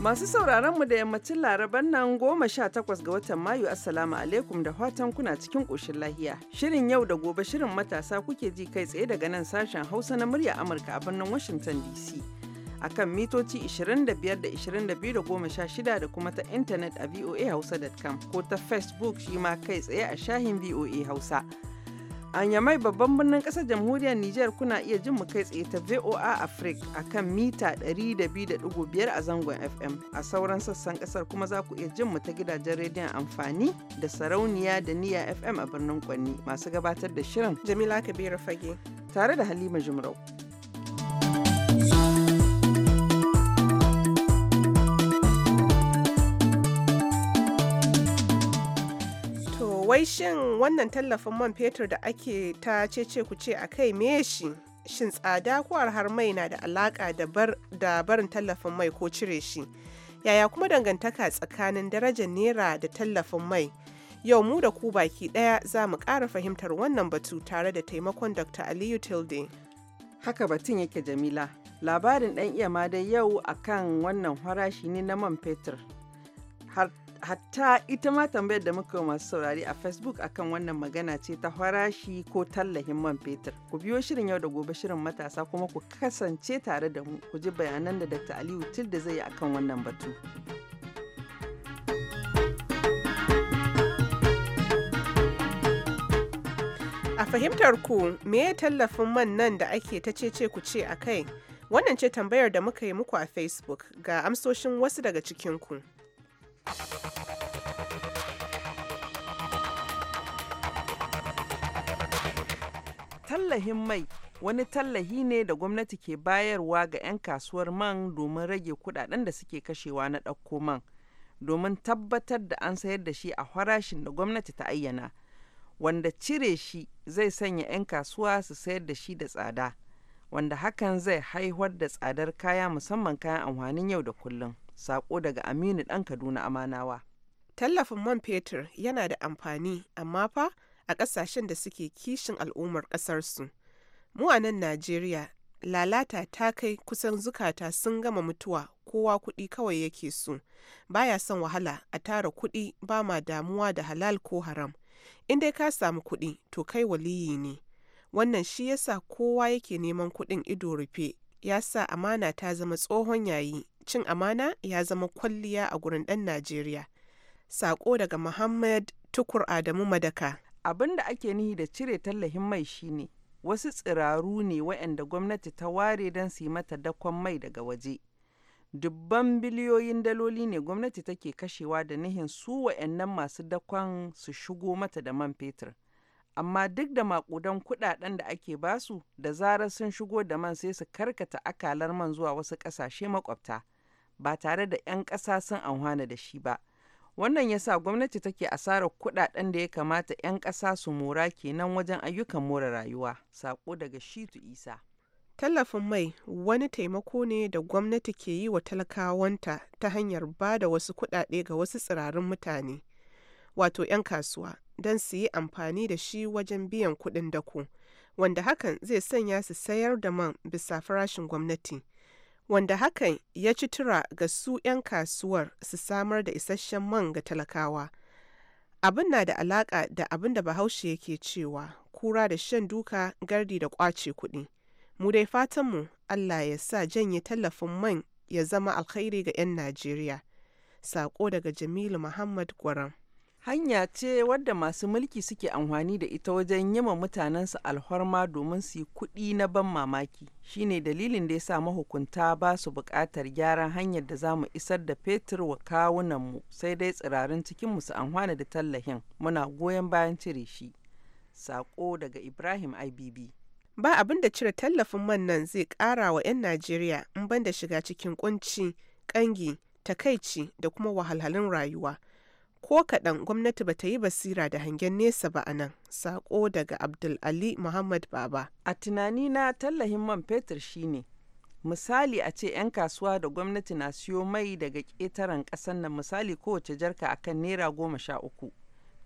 Masu sauraron mu da yammacin laraban nan goma sha takwas ga watan Mayu Assalamu alaikum da fatan kuna cikin ƙoshin lahiya. Shirin yau da gobe shirin matasa kuke ji kai tsaye daga nan sashen Hausa na murya Amurka a birnin Washington DC. a kan mitoci 25 da 22 da goma sha shida da kuma ta intanet a voahausa.com ko ta Facebook shi ma kai tsaye a shahin VOA Hausa. A Yamai babban birnin ƙasar jamhuriyar Nijar kuna iya jin mu kai tsaye ta VOA Africa a kan mita 102.5 a zangon FM. A sauran sassan ƙasar kuma za ku iya jin mu ta gidajen rediyon amfani da sarauniya da niya FM a birnin Kwanni masu gabatar da shirin. Jamila Kabiru Fage. Tare da Halima Jumrau. wai shin wannan tallafin man fetur da ake ta cece ku ce a kai me shi shin tsada ko arhar mai na da alaka da barin tallafin mai ko cire shi yaya kuma dangantaka tsakanin darajar naira da tallafin mai yau mu da ku baki daya za mu ƙara fahimtar wannan batu tare da taimakon dr aliyu tilde haka batun yake jamila labarin ɗan iya ma dai yau akan wannan farashi ne na man fetur har hatta ita ma tambayar da muka masu saurari a facebook akan wannan magana ce ta farashi ko tallahin man fetur ku biyo shirin yau da gobe shirin matasa kuma ku kasance tare da mu ku ji bayanan da dr aliyu tilda zai yi akan wannan batu a fahimtar ku me tallafin man nan da ake ta cece ku ce a kai wannan ce tambayar da muka yi muku a facebook ga amsoshin wasu daga cikin ku. Tallahin mai wani tallahi ne da gwamnati ke bayarwa ga 'yan kasuwar man domin rage kudaden da suke kashewa na ɗauko man domin tabbatar da an sayar da shi a farashin da gwamnati ta ayyana wanda cire shi zai sanya 'yan kasuwa su sayar da shi da tsada wanda hakan zai haihuwar da tsadar kaya musamman kayan amfanin yau da kullum. Sako daga Aminu ɗan Kaduna Amanawa. Tallafin man fetur yana da amfani amma fa a ƙasashen da suke kishin al'ummar ƙasarsu. Mu a nan Najeriya lalata ta kai kusan zukata sun gama mutuwa kowa kuɗi kawai yake so baya son wahala a tara kuɗi ba ma damuwa da halal ko haram in dai ka samu kuɗi to kai waliyi ne wannan shi yasa kowa yake neman kuɗin ido rufe ya sa amana ta zama tsohon yayi, cin amana ya zama kwalliya a gurin ɗan Najeriya. Sako daga Muhammad Tukur Adamu Madaka. Abin da ake nihi da cire tallahin mai shine wasu tsiraru ne waɗanda gwamnati ta ware don su yi mata dakon mai daga waje. Dubban biliyoyin daloli ne gwamnati take kashewa da nihin su waɗannan masu dakon su shigo mata da man fetur. amma duk da makudan kudaden da ake basu da zarar sun shigo da man sai su karkata akalar man zuwa wasu kasashe makwabta ba tare da 'yan ƙasa sun amfana da shi ba wannan ya sa gwamnati take asarar kudaden da ya kamata 'yan ƙasa su mora kenan wajen ayyukan more rayuwa sako daga shitu isa tallafin mai wani taimako ne da gwamnati ke yi wa talakawanta ta hanyar ba da wasu kudade ga wasu tsirarin mutane wato 'yan kasuwa don su yi amfani da shi wajen biyan kuɗin dako, wanda hakan zai sanya su sayar da man bisa farashin gwamnati, wanda hakan ya ci tura ga su 'yan kasuwar su samar da isasshen man ga talakawa. Abin na da alaƙa da abin da Bahaushe yake cewa, kura da shan duka gardi da ƙwace kuɗi. Mu dai fatanmu Allah ya sa janye tallafin man ya zama alkhairi ga 'yan Najeriya. Sako daga Jamilu Muhammad Gwaram. hanya ce wadda masu mulki suke amfani da ita wajen yima mutanensu alhorma domin su yi kuɗi na ban mamaki shine dalilin da ya sa mahukunta ba su buƙatar gyaran hanyar da za mu isar da fetur wa kawunanmu sai dai tsirarin cikinmu su amfana da tallahin muna goyon bayan cire shi sako daga ibrahim ibb ba abin da cire tallafin man nan zai ƙara wa 'yan najeriya in banda shiga cikin kunci kangi takaici da kuma wahalhalun rayuwa ko kaɗan gwamnati ba ta yi basira da hangen nesa ba a nan saƙo daga abdul ali muhammad baba a tunani na, tallahin man fetur shine misali a ce 'yan kasuwa da gwamnati na siyo mai daga ƙetaren ƙasar nan misali kowace jarka akan naira goma sha uku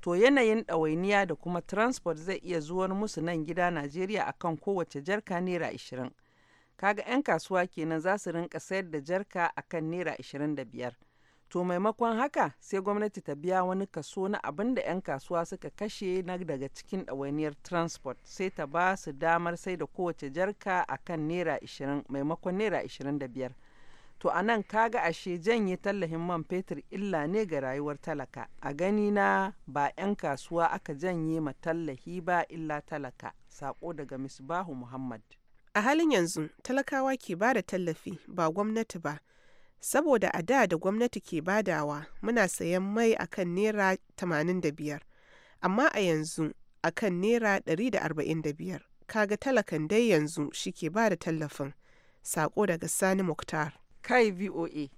to yanayin ɗawainiya da kuma transport zai iya zuwar musu nan gida najeriya akan kowace jarka naira ashirin kaga 'yan kasuwa kenan za su rinka sayar da jarka akan naira ashirin da biyar To maimakon haka sai gwamnati ta biya wani kaso na abin da 'yan kasuwa suka kashe na daga cikin ɗawainiyar transport sai ta ba su damar sai da kowace jarka a kan naira 20 maimakon naira biyar To a nan kaga ashe janye tallafin man fetur illa ne ga rayuwar talaka. A gani na ba 'yan kasuwa aka janye ma tallahi ba illa talaka. Sako daga Misbahu Muhammad. A halin yanzu talakawa ke ba da tallafi ba gwamnati ba. saboda a da da gwamnati ke badawa muna sayan mai akan naira 85 amma a yanzu akan naira 145 kaga talakan dai yanzu shi ke da tallafin sako daga sani muktar kai voa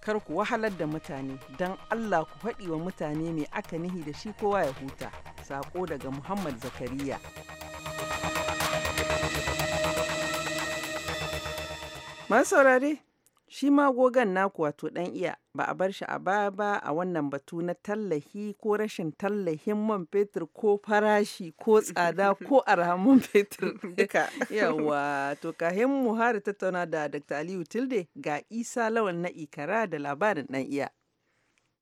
kar ku wahalar da mutane don allah ku faɗi wa mutane mai aka nihi da shi kowa ya huta sako daga muhammad zakariya masu saurare Shi ma gogan naku wato ɗan iya ba a bar shi a baya ba a wannan batu na tallahi ko rashin tallahin man fetur ko farashi ko tsada ko arhamun fetur duka. Yawa to kahin mu har tattauna da Dr. Aliyu Tilde ga Isa Lawan na Ikara da labarin ɗan iya.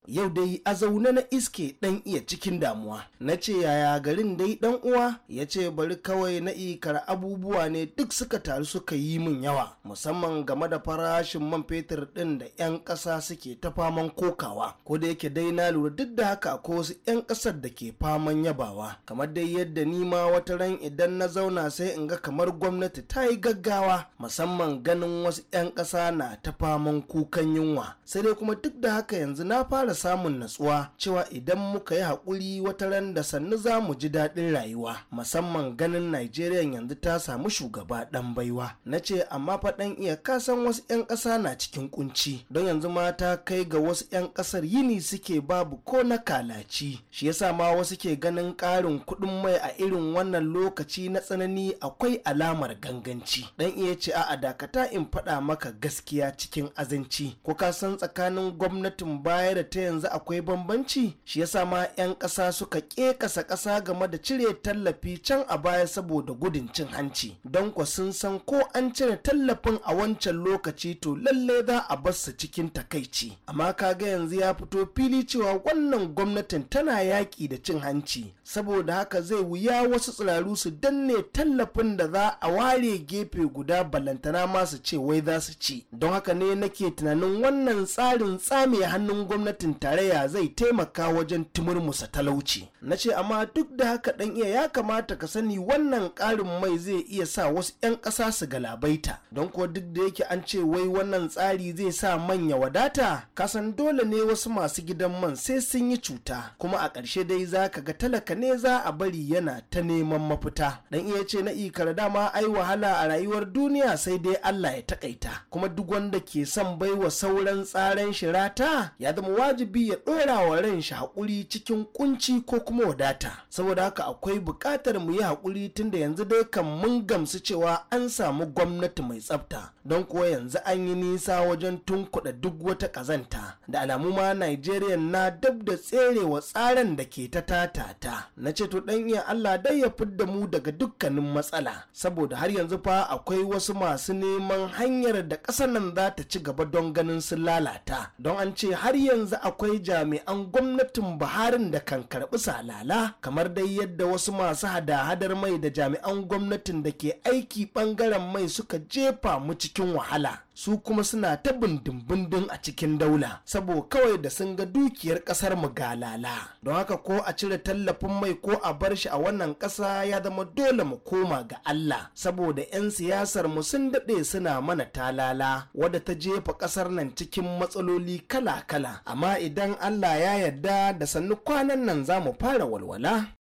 yau dai a zaune na iske dan iya cikin damuwa na ce yaya garin dai dan uwa ya ce bari kawai na ikar abubuwa ne duk suka taru suka yi min yawa musamman game da farashin man fetur din da 'yan ƙasa suke ta faman kokawa ko da yake dai na lura duk da haka ko wasu 'yan ƙasar da ke faman yabawa kamar dai yadda ni ma wata ran idan na zauna sai in ga kamar gwamnati ta yi gaggawa musamman ganin wasu 'yan ƙasa na ta faman kukan yunwa sai dai kuma duk da haka yanzu na fara ƙara samun natsuwa cewa idan muka yi haƙuri wata ran da sannu za mu ji daɗin rayuwa musamman ganin Najeriya yanzu ta samu shugaba ɗan baiwa na ce amma faɗan iya kasan wasu 'yan ƙasa na cikin kunci don yanzu ma ta kai ga wasu 'yan ƙasar yini suke babu ko na kalaci shi yasa ma wasu ke ganin ƙarin kuɗin mai a irin wannan lokaci na tsanani akwai alamar ganganci dan iya ce a'a dakata in faɗa maka gaskiya cikin azanci ko ka san tsakanin gwamnatin baya da ta yanzu akwai bambanci shi yasa ma 'yan ƙasa suka ƙeƙasa ƙasa game da cire tallafi can a baya saboda gudun cin hanci don kwa sun san ko an cire tallafin a wancan lokaci to lallai za a bar cikin takaici amma kaga yanzu ya fito fili cewa wannan gwamnatin tana yaƙi da cin hanci saboda haka zai wuya wasu tsirarru su danne tallafin da za a ware gefe guda balantana ma su ce wai za su ci don haka ne nake tunanin wannan tsarin tsame hannun gwamnatin gwamnatin tarayya zai taimaka wajen tumurmusa talauci na ce amma duk da haka dan iya ya kamata ka sani wannan ƙarin mai zai iya sa wasu 'yan ƙasa su galabaita don ko duk da yake an ce wai wannan tsari zai sa manya wadata kasan dole ne wasu masu gidan man sai sun yi cuta kuma a ƙarshe dai za ka ga talaka ne za a bari yana ta neman mafita dan iya ce na ikar dama ai wahala a rayuwar duniya sai dai Allah ya takaita kuma duk wanda ke son baiwa sauran tsaren shirata ya zama wajibi wajibi ya ɗora wa ran shi haƙuri cikin kunci ko kuma wadata saboda haka akwai buƙatar mu yi haƙuri tunda yanzu dai kan mun gamsu cewa an samu gwamnati mai tsafta don kuwa yanzu an yi nisa wajen tunkuɗa duk wata ƙazanta da alamu ma Najeriya na dab da tserewa tsarin da ke ta tatata na ce to dan iya Allah dai ya fidda mu daga dukkanin matsala saboda har yanzu fa akwai wasu masu neman hanyar da ƙasar nan za ta ci gaba don ganin sun lalata don an ce har yanzu a akwai jami'an gwamnatin buharin da kan karɓi salala kamar dai yadda wasu masu hada-hadar mai da jami'an gwamnatin da ke aiki ɓangaren mai suka jefa mu cikin wahala su kuma suna ta bindin a cikin daula sabo kawai da sun ga dukiyar kasar mu galala don haka ko a cire tallafin mai ko a bar shi a wannan ƙasa ya zama dole mu koma ga Allah saboda 'yan siyasar mu sun daɗe suna mana talala wadda ta jefa ƙasar nan cikin matsaloli kala-kala amma idan Allah ya yarda da sannu kwanan nan za mu fara walwala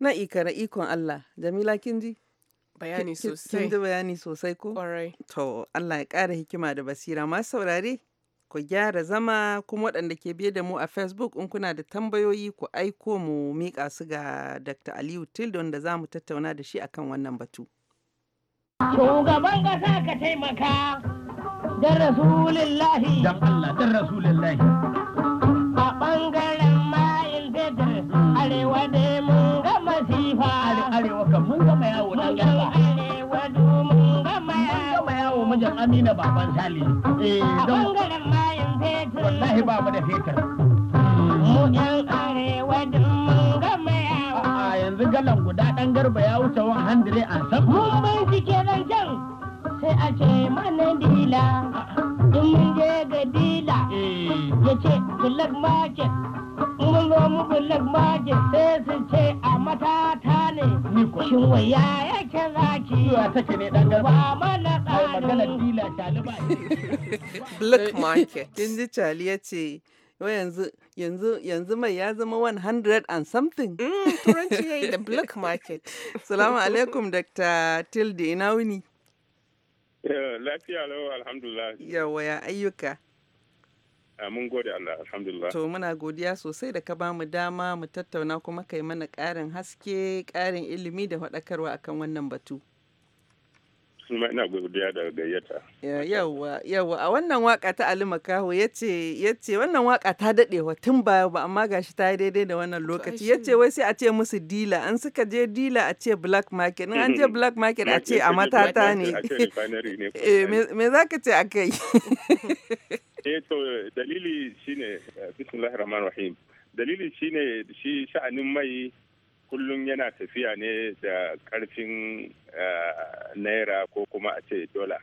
na ikara ikon Allah jamila kinji bayani sosai kin ji bayani sosai ko to Allah ya ƙara hikima da basira masu saurare ku gyara zama kuma waɗanda ke biye da mu a facebook in kuna da tambayoyi ku aiko mu miƙa su ga dr aliyu tildon da za mu tattauna da shi akan wannan batu shugaban ƙasa ka taimaka don rasulillahi don allah don rasulillahi a ɓangaren mayin fetur arewa ni fa arewa kan mun gama yawo dan garba mun gama yawo mijin amina baban sali eh don bangaren mayin fetur wallahi ba mu da fetur mu yan arewa dun mun gama yawo a yanzu galan guda dan garba ya wuce 100 an san mun bincike kenan can sai a ce mana dila in mun je ga dila eh. ya ce bullock market mun zo mu bullock market sai su ce mata ta ne shin waya ya take mana black yanzu mai ya zama 100 and something mm, turanci yi da black market salamu alaikum dr tilde ina wuni eh, lafiya lau alhamdulillah yawa ya ayyuka mun gode Allah alhamdulillah to muna godiya sosai da ka bamu dama mu tattauna kuma kai mana ƙarin haske ƙarin ilimi da faɗakarwa akan wannan batu suma ina godiya da gayyata. Yawwa, yawwa a wannan waka ta Ali Makaho ya ce wannan waka ta wa tun baya ba amma gashi ta yi daidai da wannan lokaci ya ce wai sai a ce musu dila an suka je dila a ce black market an je black market a ce a matata ne. Eh, me za ka ce a kai? eh to dalili shine eh, bismillahir rahmanir rahim dalili shine shi sha'anin mai kullum yana tafiya ne da karfin eh, naira ko kuma a ce dola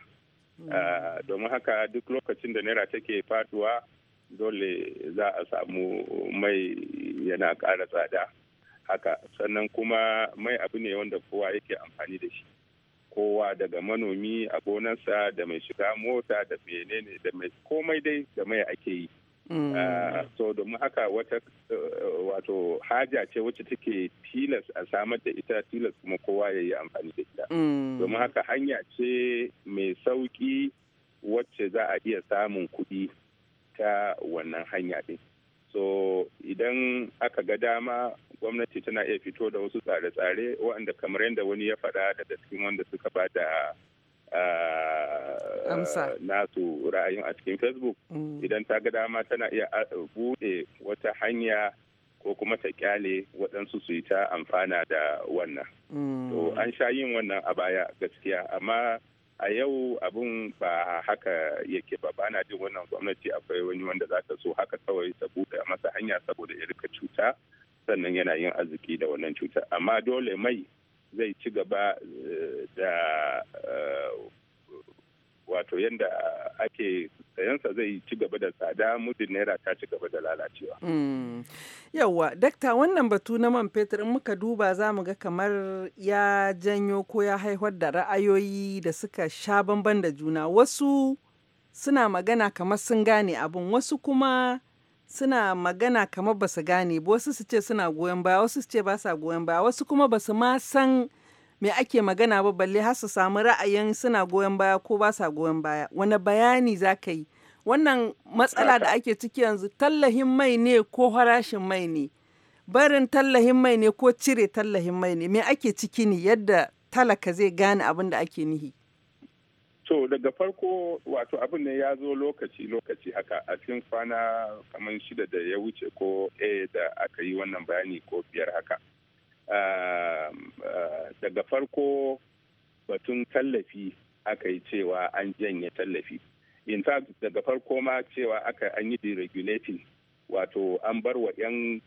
hmm. eh, domin haka duk lokacin da naira take faduwa dole za a samu mai yana ƙara tsada haka sannan kuma mai abu ne wanda kowa yake amfani da shi kowa daga manomi a gonarsa da mai shiga mota da menene da mai komai dai da mai ake yi mm. ah, so domin haka wata eh, wato haja ce wacce take tilas a samar da ita tilas kuma kowa ya yi amfani da ita mm. domin haka hanya ce mai sauki wacce za a iya samun kuɗi ta wannan hanya ɗin so idan aka ga dama gwamnati tana iya fito da wasu tsare-tsare waɗanda kamar yadda wani ya faɗa daga cikin wanda suka ba da ah, nasu ra'ayin a cikin facebook mm. idan ta ga dama tana iya ah, buɗe wata hanya ko kuma ta kyale waɗansu su yi ta amfana da wannan mm. to an sha yin wannan a baya gaskiya amma a yau abin ba haka yake ba ba na jin wannan gwamnati akwai wani wanda za ta so haka kawai ta buɗe masa hanya saboda ya cuta sannan yana yin arziki da wannan cutar amma dole mai zai ci gaba eh, da eh, wato yadda ake sayansa zai ci gaba da tsada muddin naira ta ci gaba da lalacewa. Hmm. Yawwa, dakta wannan batu na man fetur in muka duba za mu ga kamar ya janyo ko ya haifar da ra'ayoyi da suka sha bamban da juna wasu suna magana kamar sun gane abin wasu kuma suna magana kamar ba su gane ba wasu su ce suna goyon baya wasu su ce ba sa goyon baya wasu kuma ba su ma san me ake magana ba balle har su samu ra'ayin suna goyon baya ko ba sa goyon baya wani bayani za ka yi wannan matsala da ake ciki yanzu tallahin mai ne ko farashin mai ne barin tallahin mai ne ko cire tallahin mai ne me ake ciki ne yadda talaka zai gane abin da ake nihi To daga farko wato abin ne ya zo lokaci-lokaci haka a cikin kwana kamar shida da ya wuce ko a eh, da aka yi wannan bayani ko biyar haka. Eh, daga farko batun tallafi aka yi cewa an janye tallafi. In fact daga farko ma cewa aka an yi deregulating wato an bar wa 'yan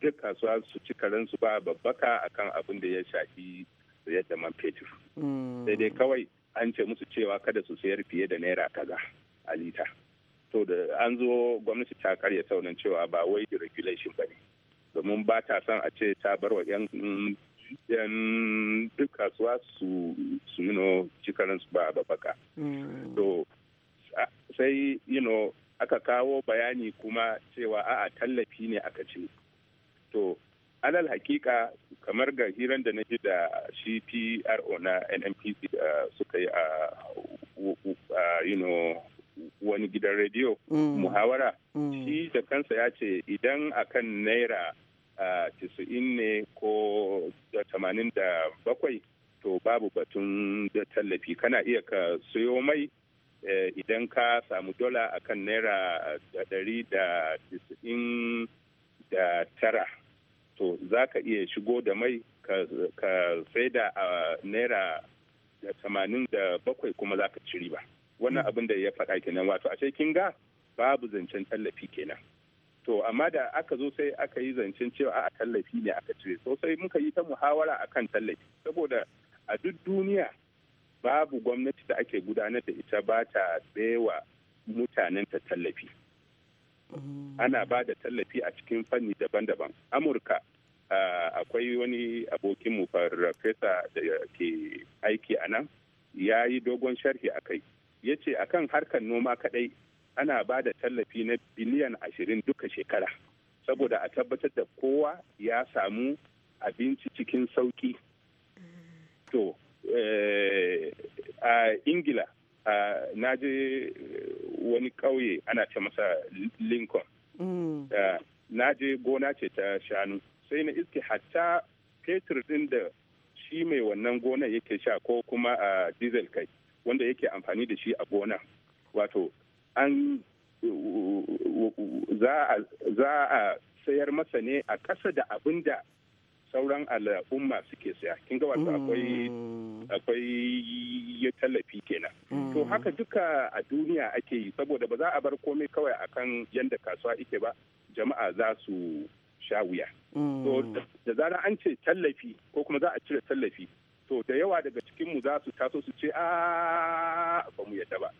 duk kasuwa su ci karensu ba babbaka akan abin da ya shafi yadda man fetur. Mm. Sai dai kawai an ce musu cewa kada su sayar fiye da naira kaza a lita to da an zo gwamnati ta karya taunan cewa ba wai regulation ba ne domin ba ta son a ce ta bar wa 'yan duk kasuwa su su yi cikarin su ba baka hmm. to sai yi aka kawo bayani kuma cewa a'a tallafi ne aka ce to alal hakika kamar ga hiran da na ji da shi pro na nnpc uh, suka yi a uh, uh, wani gidan rediyo mm. muhawara mm. shi da kansa ya ce idan akan naira tisa'in ne ko tamanin da bakwai to babu batun da tallafi kana iya ka sayo mai eh, idan ka samu dola akan naira dari da tisa'in da tara to za ka iya shigo da mai ka saida a naira tamanin da bakwai kuma za ka ci riba wannan hmm. abin da ya faɗa kenan wato a kin ga babu zancen tallafi kenan to amma da aka zo sai aka yi zancen cewa a tallafi ne aka cire sosai muka yi ta muhawara a kan tallafi saboda a duk duniya babu gwamnati da ake gudanar da ita ba ta tsewa mutanen ta tallafi Mm. ana ba da tallafi a cikin fanni daban-daban amurka ah, akwai wani abokinmu farfesa da ke aiki a nan ya yi dogon sharhi a kai ya ce a kan harkar noma kadai ana ba da tallafi na biliyan ashirin duka shekara saboda a tabbatar da kowa ya samu abinci cikin sauki mm. to eh, a ingila na je eh, wani ƙauye ana ce masa lincoln mm. na je gona ce ta shanu sai na iske hatta fetur ɗin da shi mai wannan gona yake sha ko kuma a diesel kai wanda yake amfani da shi a gona wato an za a sayar masa ne a ƙasa da abin da sauran al'umma suke saya kin ga wato akwai mm. akwai tallafi kenan to mm. haka duka a duniya ake yi saboda ba za a bar komai kawai akan yanda kasuwa ike ba jama'a za su sha wuya mm. to da zarar an ce tallafi ko kuma za a cire tallafi to da yawa daga cikinmu za su taso su ce a ba mu yadda ba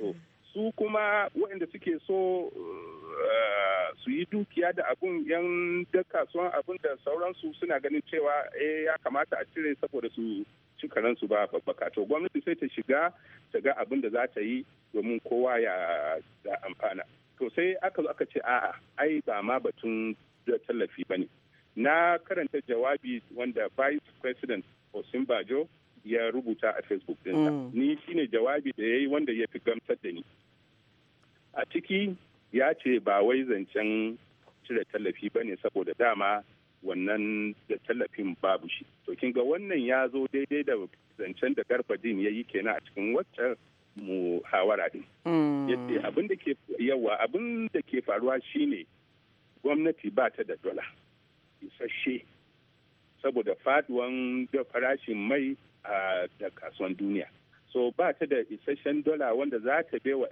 to su kuma waɗanda suke so eh, su yi dukiya da abun yan da kasuwan abun da sauransu suna ganin cewa eh, ya kamata a cire saboda su ci karansu ba babbaka to gwamnati sai ta shiga ta ga abin da za ta yi domin kowa ya amfana to sai aka zo aka ce a'a ai ba ma batun da tallafi ba ne na karanta jawabi wanda vice president osimbajo ya rubuta a facebook dinsa mm. ni shine jawabi da yayi wanda ya fi gamsar da ni a ciki ya ce ba wai zancen cire tallafi ba ne saboda dama wannan da tallafin babu shi to kin ga wannan ya zo daidai da zancen da karfa ya yi kenan a cikin waccan muhawara din mm. yadda abin da ke yawa abin da ke faruwa shine gwamnati ba ta da dola isasshe saboda faduwan da farashin mai a da kasuwan duniya so ba ta da isasshen dola wanda za ta bai wa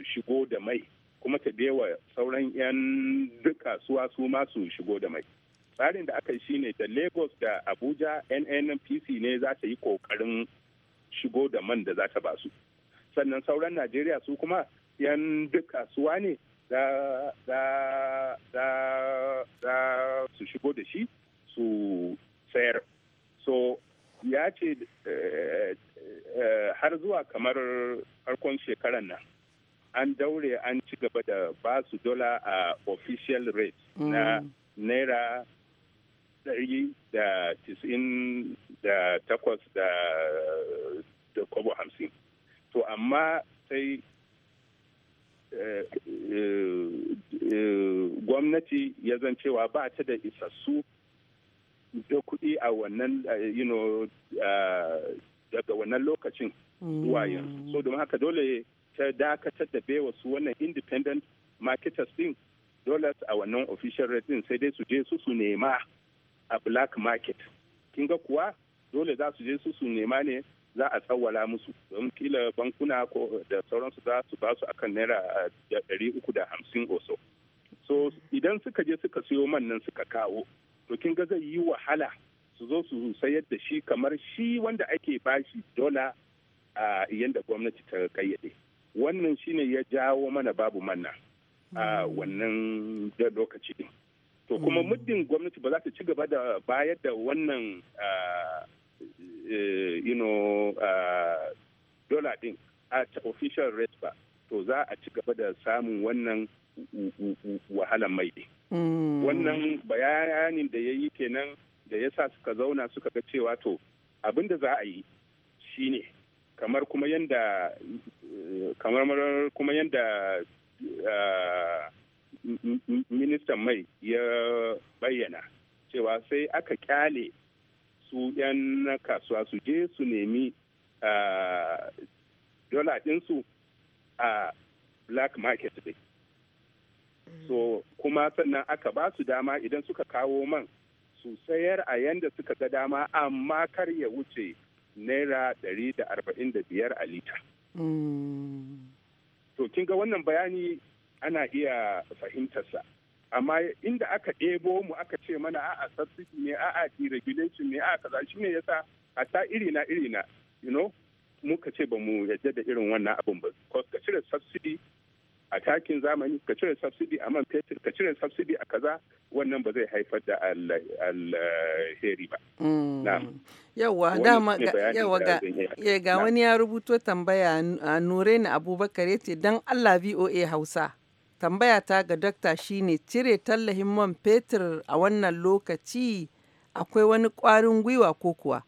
su shigo da mai kuma ta dewa sauran 'yan duk kasuwa su ma su shigo da mai tsarin da aka yi shine da lagos da abuja nnpc ne za ta yi kokarin shigo da man da za ta basu sannan sauran najeriya su kuma 'yan duk kasuwa ne za su shigo da shi su sayar so ya ce eh, eh, har zuwa kamar farkon shekaran nan an daure an ci gaba da ba su dola a official rate mm. na naira ɗari da tisin da takwas da da kobo hamsin to amma sai eh, eh, eh, gwamnati ya zan cewa ba ta da isassu da kuɗi a wannan you know ah, daga wannan lokacin mm. zuwa yanzu so don haka dole ta dakatar da baiwa su wannan independent marketers din dollars a wannan official rate din sai dai su je su su nema a black market kin ga kuwa dole za su je su su nema ne za a tsawwala musu don kila bankuna ko da sauransu za su basu akan naira ɗari uku da hamsin oso so idan suka je suka siyo man nan suka kawo to kin ga zai yi wahala su zo su sayar da shi kamar shi wanda ake bashi dola a yanda gwamnati ta kayyade wannan shine ya jawo mana babu manna a wannan lokaci to kuma mm. muddin gwamnati ba za ta ci gaba da bayar da wannan e, you know dola din a official rate ba to za a ci gaba da samun wannan wahalan mai din mm. wannan bayanin da ya yi kenan da ya sa suka zauna suka ga cewa to abin da za a yi shine kamar kuma yadda ministan mai ya bayyana cewa sai aka kyale su 'yan kasuwa su je su nemi dola ɗinsu a black market ɗin so kuma sannan aka ba su dama idan suka kawo man su sayar a yanda suka ga dama amma kar ya wuce naira ɗari da arba'in da biyar a lita. Mm. To kin ga wannan bayani ana iya fahimtarsa. Amma inda aka ɗebo mu aka ce mana a'a subsidy ne a'a deregulation ne a'a kaza shi ne yasa ta iri na iri na you know muka ce ba mu yadda da irin wannan abun ba. Ka cire subsidy a takin zamani ka cire subsidy a man fetur ka cire subsidy a kaza wannan ba zai haifar da alheri ba. Mm. Yawwa dama yawwa ga ga eh, wani ya rubuto tambaya a nure ni Abubakar yace dan Allah VOA Hausa. Tambaya ta ga dokta shine cire tallahin man fetur a wannan lokaci akwai wani kwarin gwiwa ko kuwa?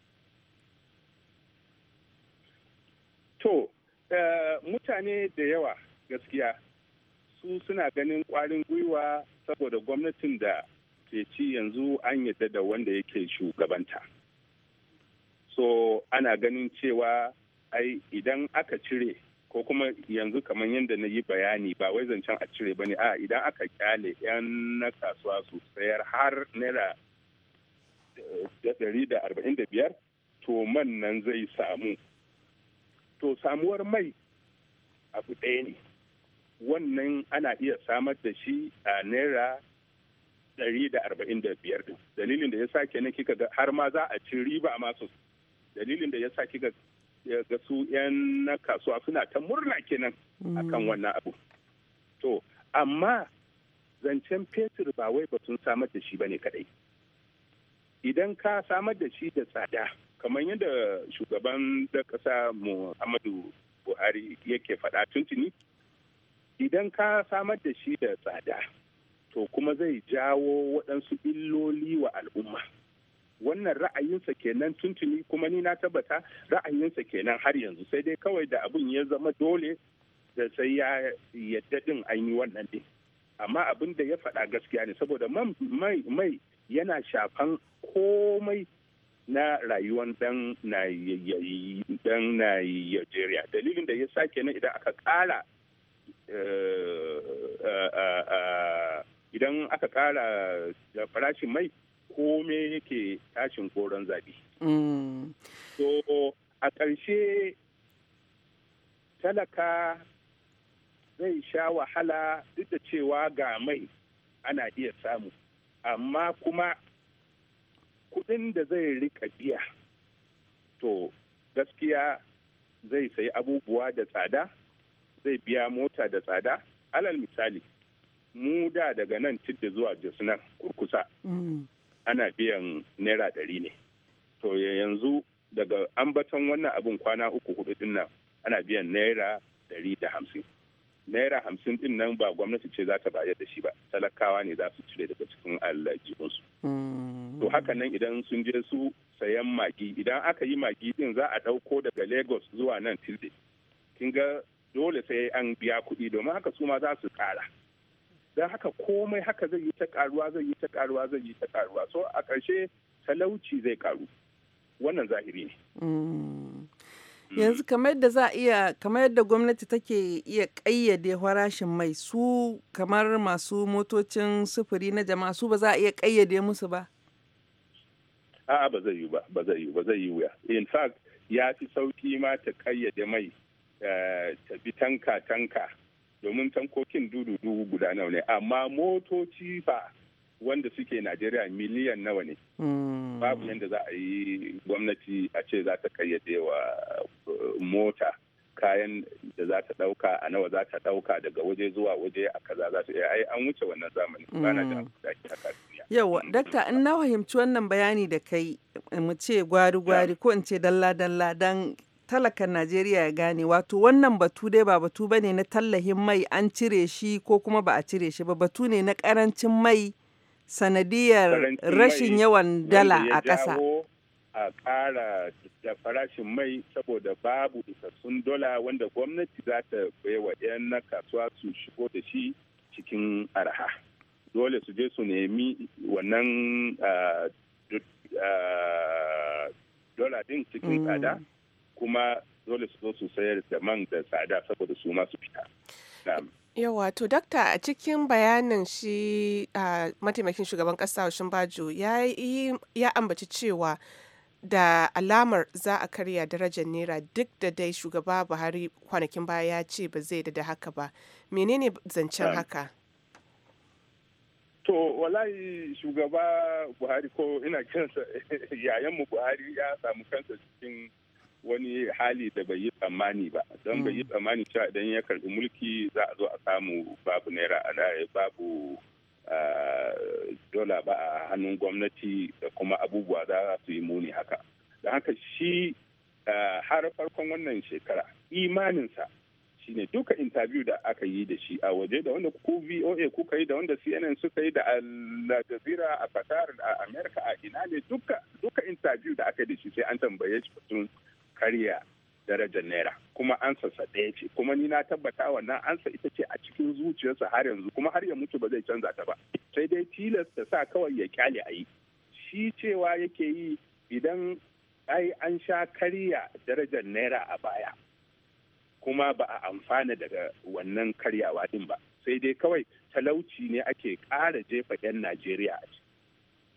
To, eh, mutane da yawa gaskiya su suna ganin kwarin gwiwa saboda gwamnatin da ke ci yanzu an yadda da wanda yake shugabanta so ana ganin cewa ai idan aka cire ko kuma yanzu kamar yadda na yi bayani ba wai zancen a cire ba ne a idan aka kyale 'yan na kasuwa su sayar har naira eh, da da biyar to man nan zai samu to samuwar mai abu ɗaya ne wannan ana iya samar da shi a naira ɗari biyar dalilin da ya sa kenan kika ga har ma za a ci riba a masu dalilin da ya sa kika ga su 'yan na kasuwa suna ta murna kenan akan mm. wannan abu to amma zancen fetur ba wai ba sun samar da shi ne kadai idan ka samar da shi da tsada kamar yadda shugaban da ƙasa muhammadu buhari yake faɗa tuntuni idan ka samar da shi da tsada to kuma zai jawo waɗansu illoli wa al'umma wannan ra'ayinsa kenan tuntuni kuma ni na tabbata ra'ayinsa kenan har yanzu sai dai kawai da abun ya zama dole da sai ya yadda din an yi wannan ne amma abin da ya faɗa gaskiya ne saboda mai yana shafan komai na rayuwar dan na yajeriya dalilin da ya sake kenan idan aka ƙara Eh, eh, eh, idan aka ƙara da farashin mai kome yake tashin koron zaɓe. Mm. So a ƙarshe talaka zai sha wahala duk da cewa ga mai ana iya samu amma kuma kuɗin da zai rika biya to gaskiya zai sayi abubuwa da tsada zai biya mota da tsada alal misali mu da daga nan tidda zuwa jos kurkusa mm. ana biyan naira ɗari ne to yanzu daga ambaton wannan abin kwana uku hudu din nan ana biyan naira ɗari da hamsin naira hamsin din nan ba gwamnati ce za ta bayar da shi ba talakawa ne za su cire daga cikin aljihunsu mm. to haka nan idan sun je su sayan magi idan aka yi magi din za a ɗauko daga lagos zuwa nan tilde kin ga dole sai an biya kuɗi domin haka su ma za su ƙara don haka komai haka zai yi ta ƙaruwa zai yi ta ƙaruwa zai yi ta ƙaruwa so a ƙarshe talauci zai ƙaru wannan zahiri ne mm. yanzu kamar da za iya kamar yadda gwamnati take iya ƙayyade farashin mai su kamar masu motocin sufuri na jama'a su ba za a iya ƙayyade musu ba a'a ba zai yi ba zai yi wuya in fact ya fi sauki ma ta ƙayyade mai ta bi tanka-tanka domin tankokin dudu guda nawa ne amma motoci fa wanda suke najeriya miliyan nawa ne hmm. babu yadda za a yi gwamnati a ce za ta kayyade wa eh, mota kayan da za ta ɗauka a nawa za ta ɗauka daga waje zuwa waje a kaza za su ai an wuce wannan zamani ba na da hmm. a yawa dakta in na fahimci wannan bayani da kai mu ce gwari gwari ko in ce dalla dalla dan talakan Najeriya ya gane wato wannan batu dai ba batu bane na tallahin mai an cire shi ko kuma ba a cire shi ba batu ne na karancin mai sanadiyar rashin yawan dala a ƙasa. a ƙara da farashin mai saboda babu isassun dola wanda gwamnati za ta baiwa 'yan na kasuwa su shigo da shi cikin arha dole su je su nemi wannan ah, ah, dola din cikin mm. tsada kuma dole su zo su sayar da man da tsada saboda su masu fita. Yawa to dakta a cikin bayanin shi a mataimakin shugaban kasa Shinbaju ya ya ambaci cewa da alamar za a karya darajar naira duk da dai shugaba Buhari kwanakin baya ya ce ba zai da haka ba menene zancen haka To wallahi shugaba Buhari ko ina kansa yayanmu Buhari ya samu kansa cikin wani hali da bai yi tsammani ba don bai yi mm. tsammani cewa idan ya karbi mulki za a zo a samu babu naira a babu dola ba a hannun gwamnati da kuma abubuwa za su yi muni haka da haka shi har farkon wannan shekara imaninsa shine duka interview da aka yi da shi a waje da wanda ku voa kuka yi da wanda cnn suka yi da aljazeera a qatar a america a ina ne duka interview da aka yi da shi sai an tambaye shi karya darajar naira kuma ansarsa ɗaya ce kuma ni na tabbata wannan ansa ita ce a cikin zuciyarsa har yanzu kuma har ya mutu ba zai canza ta ba sai dai tilasta sa kawai ya kyale a yi shi cewa yake yi idan ai an sha karya darajar naira a baya kuma ba a amfana daga wannan karyawa din ba sai dai kawai talauci ne ake ƙara jefa 'yan najeriya a ciki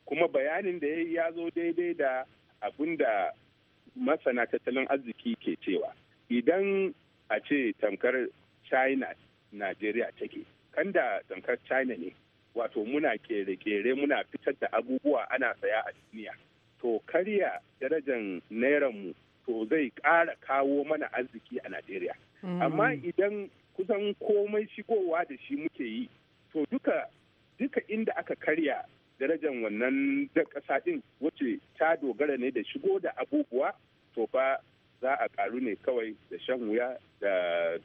kuma bayanin da ya zo daidai da abin da masana tattalin arziki ke cewa idan a ce tamkar china nigeria take kan da tamkar china ne wato muna kere-kere muna fitar da abubuwa ana saya a duniya to karya darajar mu to zai ƙara kawo mana arziki a nigeria mm. amma idan kusan komai shigowa da shi muke yi to duka duka inda aka karya darajar wannan da ƙasa ɗin wacce ta dogara ne da shigo da abubuwa to fa za a ƙaru ne kawai da shan wuya da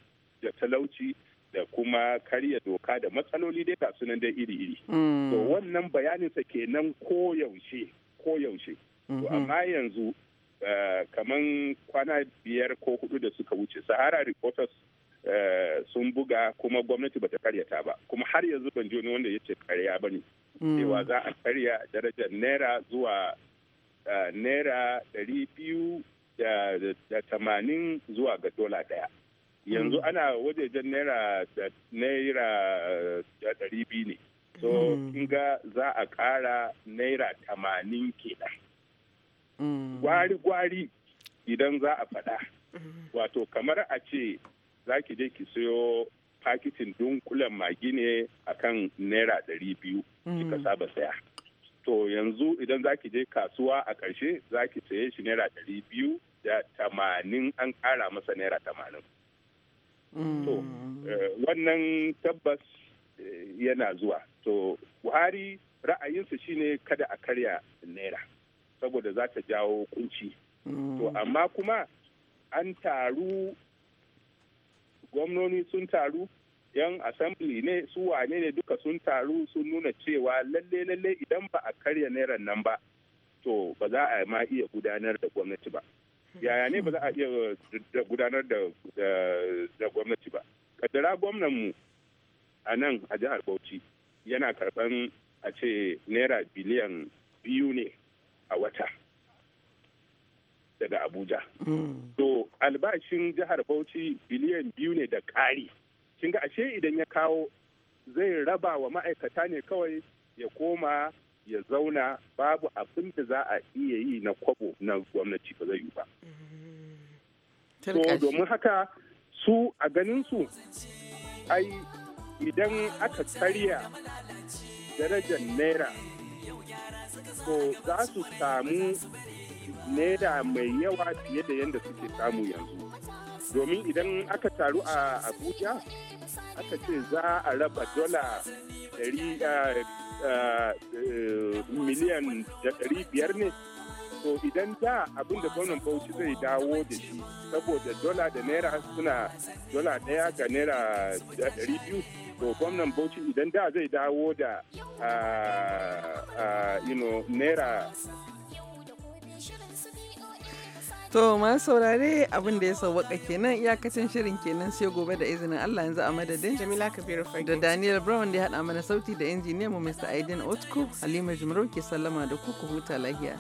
talauci da kuma karya doka da matsaloli dai gasu nan dai iri-iri. Mm. To wannan bayanin bayaninsa kenan koyaushe koyaushe. To mm-hmm. amma yanzu eh, kaman kwana biyar ko hudu da suka wuce Sahara Reporters eh, sun buga kuma gwamnati bata karyata ba kuma har yanzu ban ji wani wanda ya ce karya ba ne. cewa mm. za a karya darajar naira zuwa eh, naira ɗari biyu da tamanin zuwa ga dola ɗaya yanzu mm. ana wajejen naira naira eh, ɗari biyu ne so mm. in ga za a ƙara naira tamanin kenan gwari-gwari idan za a faɗa wato kamar a ce za ki je ki siyo. fakitin dunkulen magi ne a kan naira ɗari biyu kika mm. saba saya to yanzu idan zaki je kasuwa a ƙarshe zaki saye shi naira ɗari biyu da tamanin an ƙara masa naira tamanin mm. to eh, wannan tabbas eh, yana zuwa to buhari ra'ayinsa shine kada a karya naira saboda za ta jawo kunci mm. to amma kuma an taru gwamnoni sun taru yan assembly ne su wane ne duka sun taru sun nuna cewa lalle lalle idan ba a karya nairan nan ba to ba za a ma iya gudanar da gwamnati ba yaya ne ba za a iya gudanar da gwamnati ba kaddara mu a nan a jihar bauchi yana karban a ce naira biliyan biyu ne a wata daga abuja hmm. to albashin jihar bauchi biliyan biyu ne da ƙari kin ga ashe idan ya kawo zai raba wa ma'aikata ne kawai ya koma ya zauna babu abin da za a iya yi na kwabo na gwamnati ba zai yi ba. Hmm. to domin haka su a ganin su ai idan aka karya darajar naira to za su samu naira mai yawa fiye da yadda suke samu yanzu domin idan aka taru a abuja aka ce za a raba dola eh, miliyan da ɗari biyar ne to idan da abin da gwamnan bauchi zai dawo da shi saboda dola da naira suna dola ɗaya ga naira ɗari biyu to gwamnan bauchi idan da zai dawo da naira To ma saurare abin da ya sauwaka kenan iyakacin shirin kenan sai gobe da izinin Allah yanzu a madadin. Jamila Kabiru Fagin. Da Daniel Brown da ya haɗa mana sauti da injiniyan mu Mr. Aiden Otku Halima Jumrau ke sallama da ku ku huta lahiya.